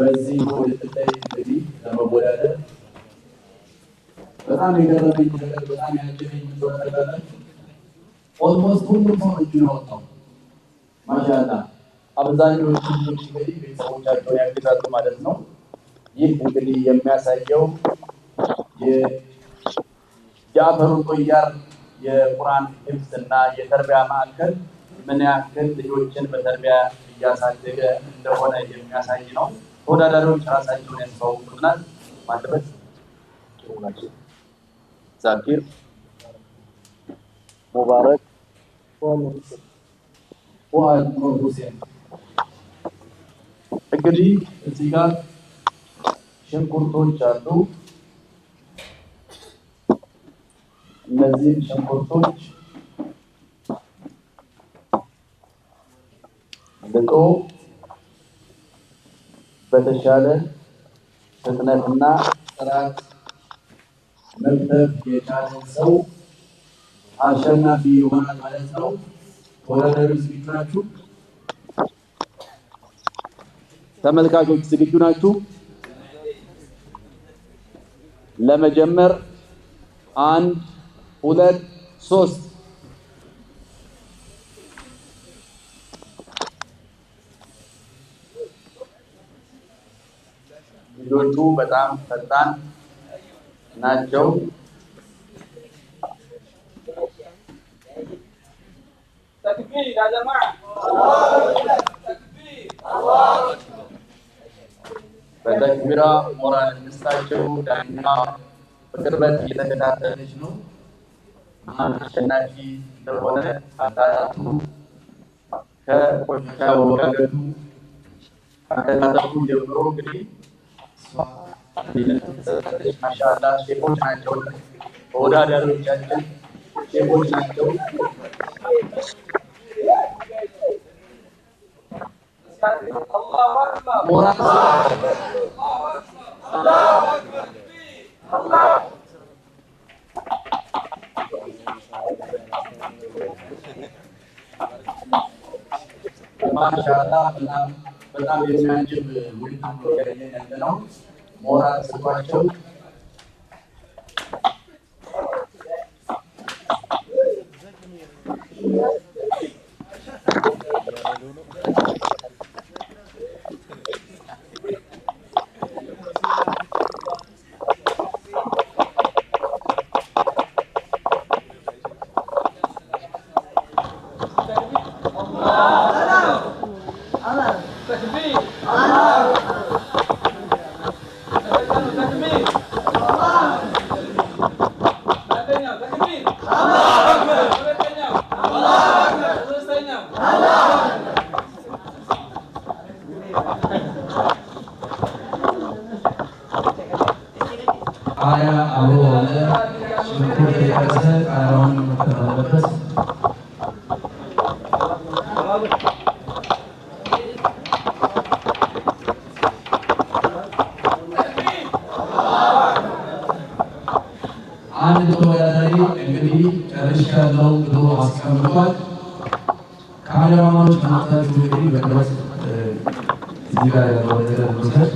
በዚህ ውድድር ላይ እንግዲህ ለመወዳደር በጣም የገረመኝ ነገር በጣም ያጀበኝ ነገር ኦልሞስት ሁሉም ሰው እጁ ነው ወጣው። ማሻላ አብዛኞቹ እንግዲህ ቤተሰቦቻቸውን ያግዛሉ ማለት ነው። ይህ እንግዲህ የሚያሳየው የጃፈሩል ቆያር የቁርአን ሂፍዝ እና የተርቢያ ማዕከል ምን ያክል ልጆችን በተርቢያ እያሳደገ እንደሆነ የሚያሳይ ነው። ተወዳዳሪዎች ራሳቸውን ያስተዋውቁናል። ማለበት ናቸው። ዛኪር ሙባረክ፣ እንግዲህ እዚህ ጋር ሽንኩርቶች አሉ። እነዚህም ሽንኩርቶች ልቆ በተሻለ ፍጥነትና ጥራት መክተብ የቻለ ሰው አሸናፊ ይሆናል ማለት ነው። ተወዳዳሪ ዝግጁ ናችሁ? ተመልካቾች ዝግጁ ናችሁ? ለመጀመር አንድ፣ ሁለት፣ ሶስት ልጆቹ በጣም ፈጣን ናቸው። በተክቢራ ሞራል ደስታቸው ዳግማ በቅርበት እየተከታተለች ነው። ማን አሸናፊ እንደሆነ አጣጣቱ ከቆሻሻ ወጋገዱ አከታተሉ ጀምሮ እንግዲህ udah ada सांचोल dari Masya Allah በጣም የሚያጅብ ውድድር ነው ያገኘን ያለ ነው። ሞራል ተሰጥቷቸው takbir. Allah Akbar. Evet Senyam. Allah Akbar. Hazır Senyam. Allah Akbar. Aya Abu Oğlu, Şükür Beyazı, Karavan Muhtarı. دروم دو عسكر مقال كعلى ما مرج بنقطة جمهوري بكرة زيبا إلى دولة المسجد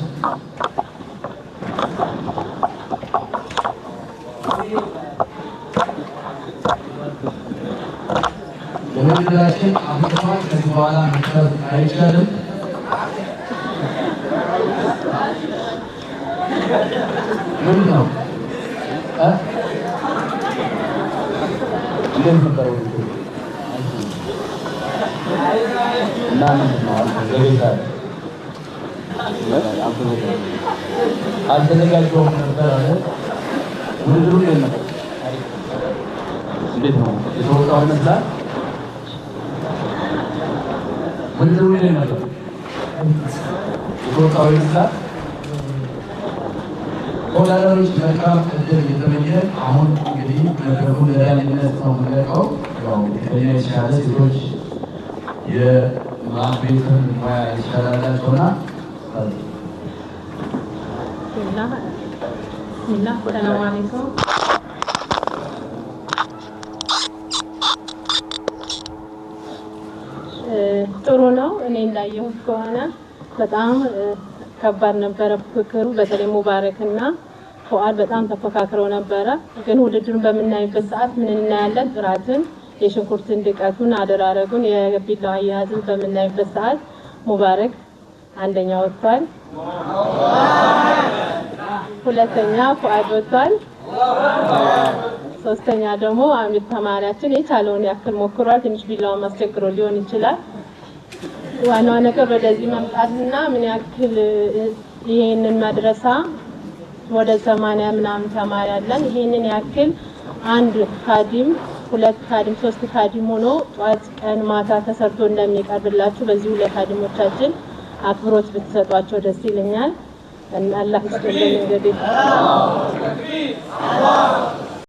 وبالله عبد الرحمن كتب على مكتب عيشان منهم أه እንዴት ነበረ እና ምንድን ነው ዘቤታ አልተዘጋጀሁም ውድድሩ እንዴት ነው የተወጣው ይመስላል? ውድድሩ እንዴት ነበር የተወጣው ይመስላል? ለወዳደሮች መልካም እድል እየተመኘ አሁን እንግዲህ መድረኩ ለዳኝነት ነው ምንለቀው ከኛ የተሻለ ሴቶች የማት ሙያ የተሻላላቸውና ጥሩ ነው። እኔ እንዳየሁት ከሆነ በጣም ከባድ ነበረ ፉክክሩ። በተለይ ሙባረክና ፎአድ በጣም ተፎካክረው ነበረ። ግን ውድድሩን በምናይበት ሰዓት ምን እናያለን? ጥራትን፣ የሽንኩርትን ድቀቱን፣ አደራረጉን፣ የቢላዋ አያያዝን በምናይበት ሰዓት ሙባረክ አንደኛ ወጥቷል። ሁለተኛ ፉአድ ወጥቷል። ሶስተኛ ደግሞ አሚር ተማሪያችን የቻለውን ያክል ሞክሯል። ትንሽ ቢላውን አስቸግሮ ሊሆን ይችላል። ዋናዋ ነገር ወደዚህ መምጣትና ምን ያክል ይሄንን መድረሳ ወደ ሰማንያ ምናምን ተማሪ አለን። ይሄንን ያክል አንድ ካዲም ሁለት ካዲም ሶስት ካዲም ሆኖ ጧት፣ ቀን፣ ማታ ተሰርቶ እንደሚቀርብላችሁ በዚህ ሁለት ካዲሞቻችን አክብሮት ብትሰጧቸው ደስ ይለኛል። አላህ ይስጥልን እንግዲህ